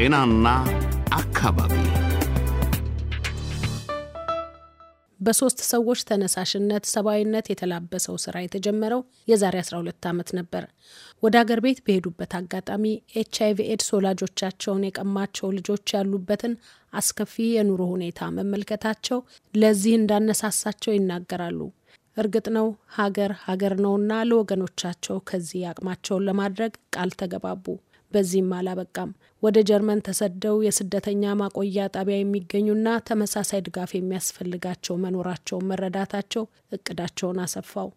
ጤናና አካባቢ በሶስት ሰዎች ተነሳሽነት ሰብአዊነት የተላበሰው ስራ የተጀመረው የዛሬ 12 ዓመት ነበር። ወደ አገር ቤት በሄዱበት አጋጣሚ ኤች አይቪ ኤድስ ወላጆቻቸውን የቀማቸው ልጆች ያሉበትን አስከፊ የኑሮ ሁኔታ መመልከታቸው ለዚህ እንዳነሳሳቸው ይናገራሉ። እርግጥ ነው ሀገር ሀገር ነውና ለወገኖቻቸው ከዚህ አቅማቸውን ለማድረግ ቃል ተገባቡ። በዚህም አላበቃም። ወደ ጀርመን ተሰደው የስደተኛ ማቆያ ጣቢያ የሚገኙና ተመሳሳይ ድጋፍ የሚያስፈልጋቸው መኖራቸውን መረዳታቸው እቅዳቸውን አሰፋው።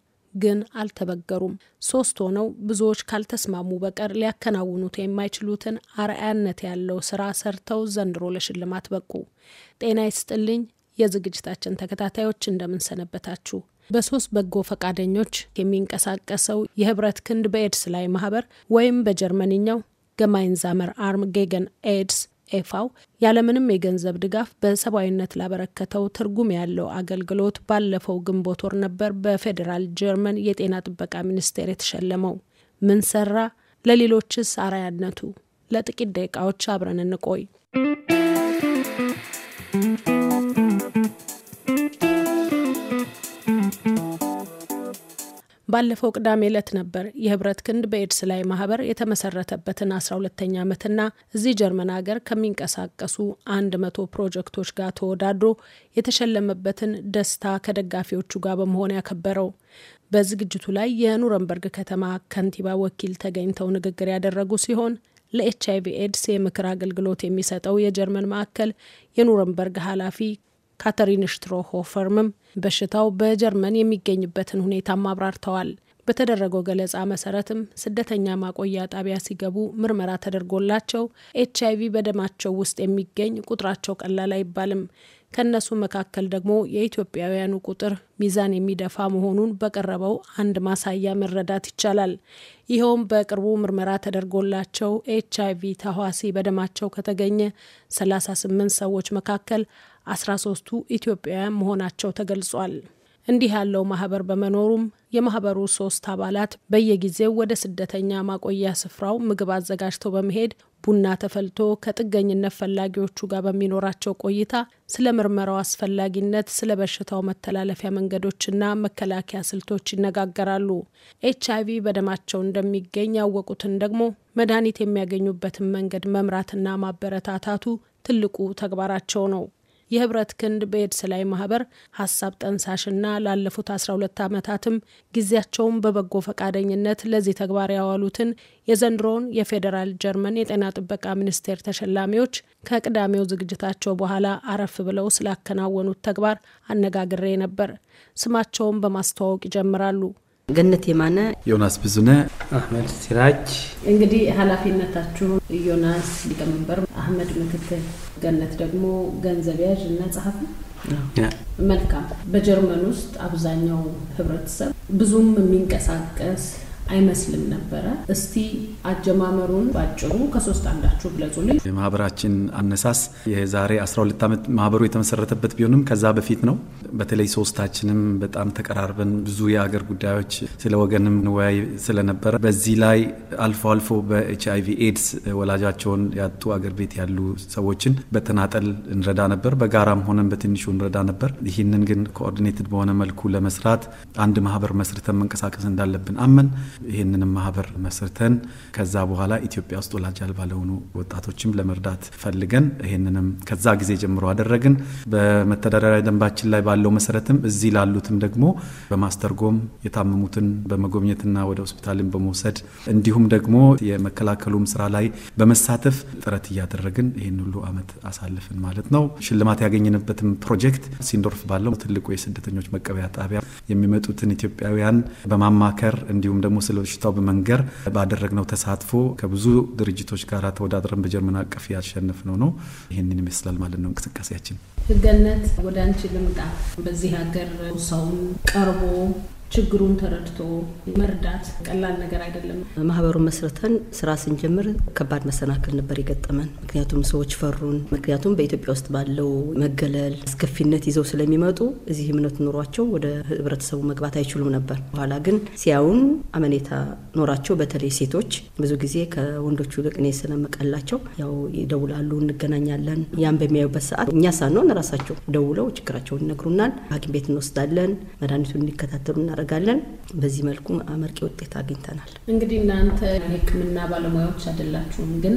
ግን አልተበገሩም። ሶስት ሆነው ብዙዎች ካልተስማሙ በቀር ሊያከናውኑት የማይችሉትን አርአያነት ያለው ስራ ሰርተው ዘንድሮ ለሽልማት በቁ። ጤና ይስጥልኝ የዝግጅታችን ተከታታዮች እንደምንሰነበታችሁ። በሶስት በጎ ፈቃደኞች የሚንቀሳቀሰው የህብረት ክንድ በኤድስ ላይ ማህበር ወይም በጀርመንኛው ገማይንዛመር አርም ጌገን ኤድስ ኤፋው ያለምንም የገንዘብ ድጋፍ በሰብአዊነት ላበረከተው ትርጉም ያለው አገልግሎት ባለፈው ግንቦት ወር ነበር በፌዴራል ጀርመን የጤና ጥበቃ ሚኒስቴር የተሸለመው። ምን ሰራ? ለሌሎችስ አርአያነቱ? ለጥቂት ደቂቃዎች አብረን እንቆይ። ባለፈው ቅዳሜ ዕለት ነበር የህብረት ክንድ በኤድስ ላይ ማህበር የተመሰረተበትን 12ተኛ ዓመትና እዚህ ጀርመን ሀገር ከሚንቀሳቀሱ አንድ መቶ ፕሮጀክቶች ጋር ተወዳድሮ የተሸለመበትን ደስታ ከደጋፊዎቹ ጋር በመሆን ያከበረው። በዝግጅቱ ላይ የኑረንበርግ ከተማ ከንቲባ ወኪል ተገኝተው ንግግር ያደረጉ ሲሆን ለኤች አይቪ ኤድስ የምክር አገልግሎት የሚሰጠው የጀርመን ማዕከል የኑረንበርግ ኃላፊ ካተሪን ሽትሮሆፈርምም በሽታው በጀርመን የሚገኝበትን ሁኔታም አብራርተዋል። በተደረገው ገለጻ መሰረትም ስደተኛ ማቆያ ጣቢያ ሲገቡ ምርመራ ተደርጎላቸው ኤች አይቪ በደማቸው ውስጥ የሚገኝ ቁጥራቸው ቀላል አይባልም። ከእነሱ መካከል ደግሞ የኢትዮጵያውያኑ ቁጥር ሚዛን የሚደፋ መሆኑን በቀረበው አንድ ማሳያ መረዳት ይቻላል። ይኸውም በቅርቡ ምርመራ ተደርጎላቸው ኤች አይቪ ተህዋሲ በደማቸው ከተገኘ 38 ሰዎች መካከል አስራ ሶስቱ ኢትዮጵያውያን መሆናቸው ተገልጿል። እንዲህ ያለው ማህበር በመኖሩም የማህበሩ ሶስት አባላት በየጊዜው ወደ ስደተኛ ማቆያ ስፍራው ምግብ አዘጋጅተው በመሄድ ቡና ተፈልቶ ከጥገኝነት ፈላጊዎቹ ጋር በሚኖራቸው ቆይታ ስለ ምርመራው አስፈላጊነት፣ ስለ በሽታው መተላለፊያ መንገዶችና መከላከያ ስልቶች ይነጋገራሉ። ኤች አይቪ በደማቸው እንደሚገኝ ያወቁትን ደግሞ መድኃኒት የሚያገኙበትን መንገድ መምራትና ማበረታታቱ ትልቁ ተግባራቸው ነው። የህብረት ክንድ በኤድስ ላይ ማህበር ሀሳብ ጠንሳሽና ላለፉት 12 ዓመታትም ጊዜያቸውን በበጎ ፈቃደኝነት ለዚህ ተግባር ያዋሉትን የዘንድሮውን የፌዴራል ጀርመን የጤና ጥበቃ ሚኒስቴር ተሸላሚዎች ከቅዳሜው ዝግጅታቸው በኋላ አረፍ ብለው ስላከናወኑት ተግባር አነጋግሬ ነበር። ስማቸውን በማስተዋወቅ ይጀምራሉ። ገነት የማነ፣ ዮናስ ብዙነ፣ አህመድ ሲራጅ። እንግዲህ ኃላፊነታችሁ ዮናስ ሊቀመንበር፣ አህመድ ምክትል፣ ገነት ደግሞ ገንዘብ ያዥ እና ጸሐፊ። መልካም። በጀርመን ውስጥ አብዛኛው ህብረተሰብ ብዙም የሚንቀሳቀስ አይመስልም ነበረ። እስቲ አጀማመሩን ባጭሩ ከሶስት አንዳችሁ ግለጹልኝ። የማህበራችን አነሳስ የዛሬ 12 ዓመት ማህበሩ የተመሰረተበት ቢሆንም ከዛ በፊት ነው። በተለይ ሶስታችንም በጣም ተቀራርበን ብዙ የአገር ጉዳዮች ስለ ወገንም ንወያይ ስለነበረ በዚህ ላይ አልፎ አልፎ በኤች አይ ቪ ኤድስ ወላጃቸውን ያጡ አገር ቤት ያሉ ሰዎችን በተናጠል እንረዳ ነበር። በጋራም ሆነን በትንሹ እንረዳ ነበር። ይህንን ግን ኮኦርዲኔትድ በሆነ መልኩ ለመስራት አንድ ማህበር መስርተን መንቀሳቀስ እንዳለብን አመን ይህንንም ማህበር መስርተን ከዛ በኋላ ኢትዮጵያ ውስጥ ወላጅ አልባ ለሆኑ ወጣቶችም ለመርዳት ፈልገን ይህንንም ከዛ ጊዜ ጀምሮ አደረግን። በመተዳደሪያ ደንባችን ላይ ባለው መሰረትም እዚህ ላሉትም ደግሞ በማስተርጎም የታመሙትን በመጎብኘትና ወደ ሆስፒታልን በመውሰድ እንዲሁም ደግሞ የመከላከሉም ስራ ላይ በመሳተፍ ጥረት እያደረግን ይህን ሁሉ አመት አሳልፍን ማለት ነው። ሽልማት ያገኘንበትም ፕሮጀክት ሲንዶርፍ ባለው ትልቁ የስደተኞች መቀበያ ጣቢያ የሚመጡትን ኢትዮጵያውያን በማማከር እንዲሁም ደግሞ ስለ በሽታው በመንገር ባደረግነው ተሳትፎ ከብዙ ድርጅቶች ጋር ተወዳድረን በጀርመን አቀፍ ያሸነፍነው ነው። ይህንን ይመስላል ማለት ነው እንቅስቃሴያችን። ህገነት ወደ አንቺ ልምጣ። በዚህ ሀገር ሰውን ቀርቦ ችግሩን ተረድቶ መርዳት ቀላል ነገር አይደለም። ማህበሩን መስርተን ስራ ስንጀምር ከባድ መሰናክል ነበር የገጠመን። ምክንያቱም ሰዎች ፈሩን። ምክንያቱም በኢትዮጵያ ውስጥ ባለው መገለል አስከፊነት ይዘው ስለሚመጡ እዚህ እምነት ኑሯቸው ወደ ህብረተሰቡ መግባት አይችሉም ነበር። በኋላ ግን ሲያዩን አመኔታ ኖራቸው፣ በተለይ ሴቶች ብዙ ጊዜ ከወንዶቹ ይልቅ እኔ ስለምቀላቸው ያው ይደውላሉ፣ እንገናኛለን። ያን በሚያዩበት ሰዓት እኛ ሳንሆን ራሳቸው ደውለው ችግራቸውን ይነግሩናል። ሐኪም ቤት እንወስዳለን። መድኃኒቱን እንዲከታተሉ እናደርጋለን እናደርጋለን። በዚህ መልኩ አመርቂ ውጤት አግኝተናል። እንግዲህ እናንተ የሕክምና ባለሙያዎች አይደላችሁም፣ ግን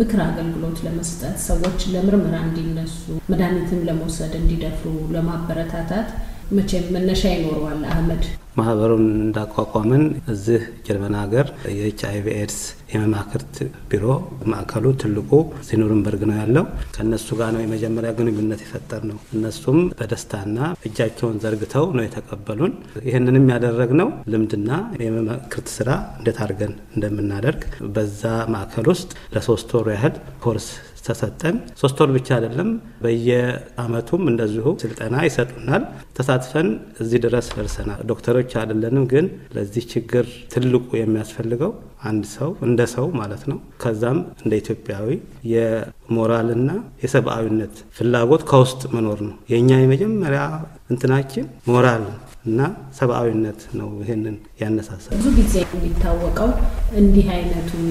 ምክር አገልግሎት ለመስጠት ሰዎች ለምርመራ እንዲነሱ መድኃኒትም ለመውሰድ እንዲደፍሩ ለማበረታታት መቼም መነሻ ይኖረዋል። አህመድ ማህበሩን እንዳቋቋምን እዚህ ጀርመን ሀገር የኤች አይቪ ኤድስ የመማክርት ቢሮ ማዕከሉ ትልቁ ሲኑርንበርግ ነው ያለው። ከእነሱ ጋር ነው የመጀመሪያ ግንኙነት የፈጠር ነው። እነሱም በደስታና እጃቸውን ዘርግተው ነው የተቀበሉን። ይህንንም ነው ልምድና የመማክርት ስራ እንዴት አድርገን እንደምናደርግ በዛ ማዕከል ውስጥ ለሶስት ወሩ ያህል ኮርስ ተሰጠን። ሶስት ወር ብቻ አይደለም፣ በየአመቱም እንደዚሁ ስልጠና ይሰጡናል። ተሳትፈን እዚህ ድረስ ደርሰናል። ዶክተሮች አይደለንም፣ ግን ለዚህ ችግር ትልቁ የሚያስፈልገው አንድ ሰው እንደ ሰው ማለት ነው። ከዛም እንደ ኢትዮጵያዊ የሞራልና የሰብአዊነት ፍላጎት ከውስጥ መኖር ነው። የእኛ የመጀመሪያ እንትናችን ሞራል እና ሰብአዊነት ነው ይህንን ያነሳሳል። ብዙ ጊዜ የሚታወቀው እንዲህ አይነቱን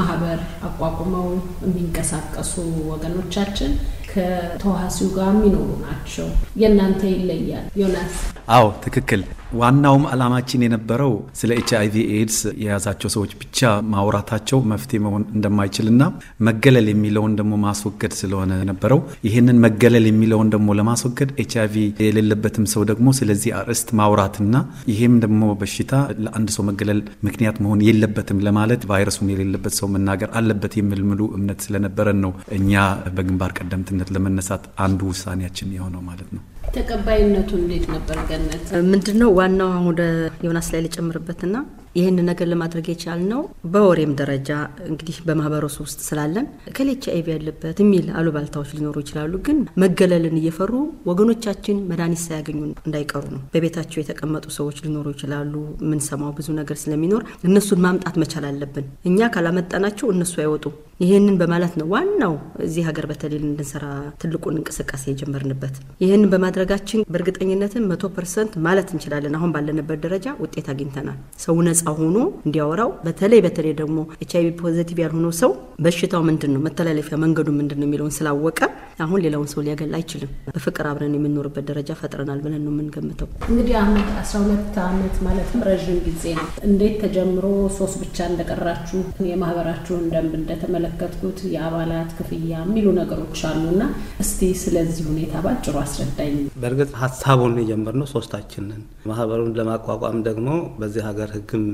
ማህበር አቋቁመው የሚንቀሳቀሱ ወገኖቻችን ከተዋሲው ጋር የሚኖሩ ናቸው። የእናንተ ይለያል። ዮናስ? አዎ ትክክል። ዋናውም አላማችን የነበረው ስለ ኤች አይቪ ኤድስ የያዛቸው ሰዎች ብቻ ማውራታቸው መፍትሄ መሆን እንደማይችልና መገለል የሚለውን ደግሞ ማስወገድ ስለሆነ የነበረው ይህንን መገለል የሚለውን ደግሞ ለማስወገድ ኤች አይቪ የሌለበትም ሰው ደግሞ ስለዚህ አርዕስት ማውራትና ይሄም ደግሞ በሽታ ለአንድ ሰው መገለል ምክንያት መሆን የለበትም ለማለት ቫይረሱም የሌለበት ሰው መናገር አለበት የሚል ሙሉ እምነት ስለነበረን ነው እኛ በግንባር ቀደምትነት ለመነሳት አንዱ ውሳኔያችን የሆነው ማለት ነው። ተቀባይነቱ እንዴት ነበር? ገነት ምንድን ነው ዋናው አሁን ወደ ዮናስ ላይ ልጨምርበትና ይህን ነገር ለማድረግ የቻልነው በወሬም ደረጃ እንግዲህ በማህበረሰብ ውስጥ ስላለን ከሌች አይቪ ያለበት የሚል አሉባልታዎች ሊኖሩ ይችላሉ። ግን መገለልን እየፈሩ ወገኖቻችን መድኃኒት ሳያገኙ እንዳይቀሩ ነው። በቤታቸው የተቀመጡ ሰዎች ሊኖሩ ይችላሉ። የምንሰማው ብዙ ነገር ስለሚኖር እነሱን ማምጣት መቻል አለብን። እኛ ካላመጣናቸው እነሱ አይወጡም። ይህንን በማለት ነው ዋናው እዚህ ሀገር በተለይ እንድንሰራ ትልቁን እንቅስቃሴ የጀመርንበት። ይህንን በማድረጋችን በእርግጠኝነትን መቶ ፐርሰንት ማለት እንችላለን አሁን ባለንበት ደረጃ ውጤት አግኝተናል። ሰው ነፃ ሆኖ እንዲያወራው በተለይ በተለይ ደግሞ ኤች አይቪ ፖዘቲቭ ያልሆነ ሰው በሽታው ምንድን ነው መተላለፊያ መንገዱ ምንድን ነው የሚለውን ስላወቀ አሁን ሌላውን ሰው ሊያገል አይችልም። በፍቅር አብረን የምንኖርበት ደረጃ ፈጥረናል ብለን ነው የምንገምተው። እንግዲህ አመት አስራ ሁለት አመት ማለት ረዥም ጊዜ ነው። እንዴት ተጀምሮ ሶስት ብቻ እንደቀራችሁ የማህበራችሁን ደንብ እንደተመለ የተመለከትኩት የአባላት ክፍያ የሚሉ ነገሮች አሉና እስቲ ስለዚህ ሁኔታ ባጭሩ አስረዳኝ። በእርግጥ ሀሳቡን የጀመርነው ሶስታችንን ማህበሩን ለማቋቋም ደግሞ በዚህ ሀገር ህግም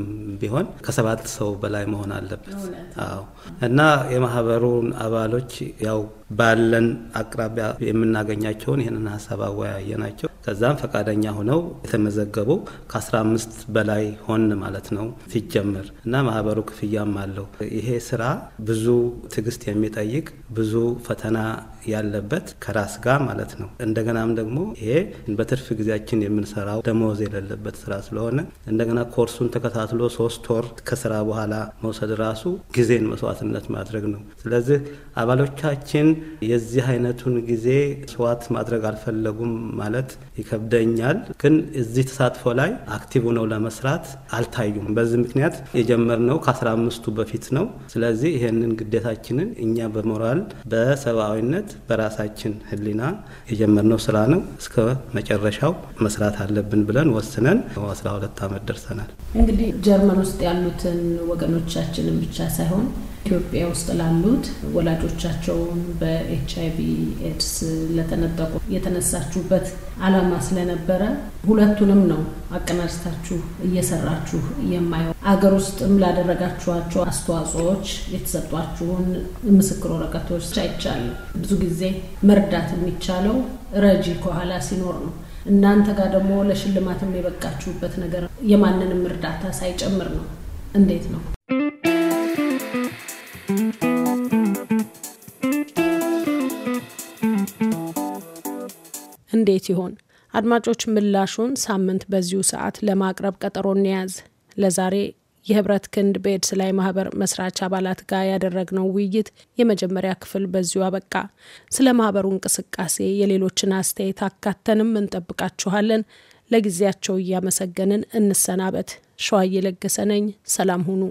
ቢሆን ከሰባት ሰው በላይ መሆን አለበት። አዎ እና የማህበሩን አባሎች ያው ባለን አቅራቢያ የምናገኛቸውን ይህንን ሀሳብ አወያየ ናቸው። ከዛም ፈቃደኛ ሆነው የተመዘገቡ ከ15 በላይ ሆን ማለት ነው ሲጀምር እና ማህበሩ ክፍያም አለው። ይሄ ስራ ብዙ ትዕግስት የሚጠይቅ ብዙ ፈተና ያለበት ከራስ ጋር ማለት ነው። እንደገናም ደግሞ ይሄ በትርፍ ጊዜያችን የምንሰራው ደሞዝ የሌለበት ስራ ስለሆነ እንደገና ኮርሱን ተከታትሎ ሶስት ወር ከስራ በኋላ መውሰድ ራሱ ጊዜን መስዋዕትነት ማድረግ ነው። ስለዚህ አባሎቻችን የዚህ አይነቱን ጊዜ መስዋዕት ማድረግ አልፈለጉም ማለት ይከብደኛል። ግን እዚህ ተሳትፎ ላይ አክቲቭ ነው ለመስራት አልታዩም። በዚህ ምክንያት የጀመርነው ከአስራ አምስቱ በፊት ነው። ስለዚህ ይህንን ግዴታችንን እኛ በሞራል በሰብአዊነት በራሳችን ህሊና የጀመርነው ስራ ነው። እስከ መጨረሻው መስራት አለብን ብለን ወስነን አስራ ሁለት አመት ደርሰናል። እንግዲህ ጀርመን ውስጥ ያሉትን ወገኖቻችንን ብቻ ሳይሆን ኢትዮጵያ ውስጥ ላሉት ወላጆቻቸውን በኤች አይ ቪ ኤድስ ለተነጠቁ የተነሳችሁበት አላማ ስለነበረ ሁለቱንም ነው አቀናጅታችሁ እየሰራችሁ የማየው። አገር ውስጥም ላደረጋችኋቸው አስተዋጽኦዎች የተሰጧችሁን ምስክር ወረቀቶች አይቻለሁ። ብዙ ጊዜ መርዳት የሚቻለው ረጂ ከኋላ ሲኖር ነው። እናንተ ጋር ደግሞ ለሽልማትም የበቃችሁበት ነገር የማንንም እርዳታ ሳይጨምር ነው። እንዴት ነው? እንዴት ይሆን? አድማጮች ምላሹን ሳምንት በዚሁ ሰዓት ለማቅረብ ቀጠሮ እንያዝ። ለዛሬ የህብረት ክንድ በኤድስ ላይ ማህበር መስራች አባላት ጋር ያደረግነው ውይይት የመጀመሪያ ክፍል በዚሁ አበቃ። ስለ ማህበሩ እንቅስቃሴ የሌሎችን አስተያየት አካተንም እንጠብቃችኋለን። ለጊዜያቸው እያመሰገንን እንሰናበት። ሸዋዬ ለገሰ ነኝ። ሰላም ሁኑ።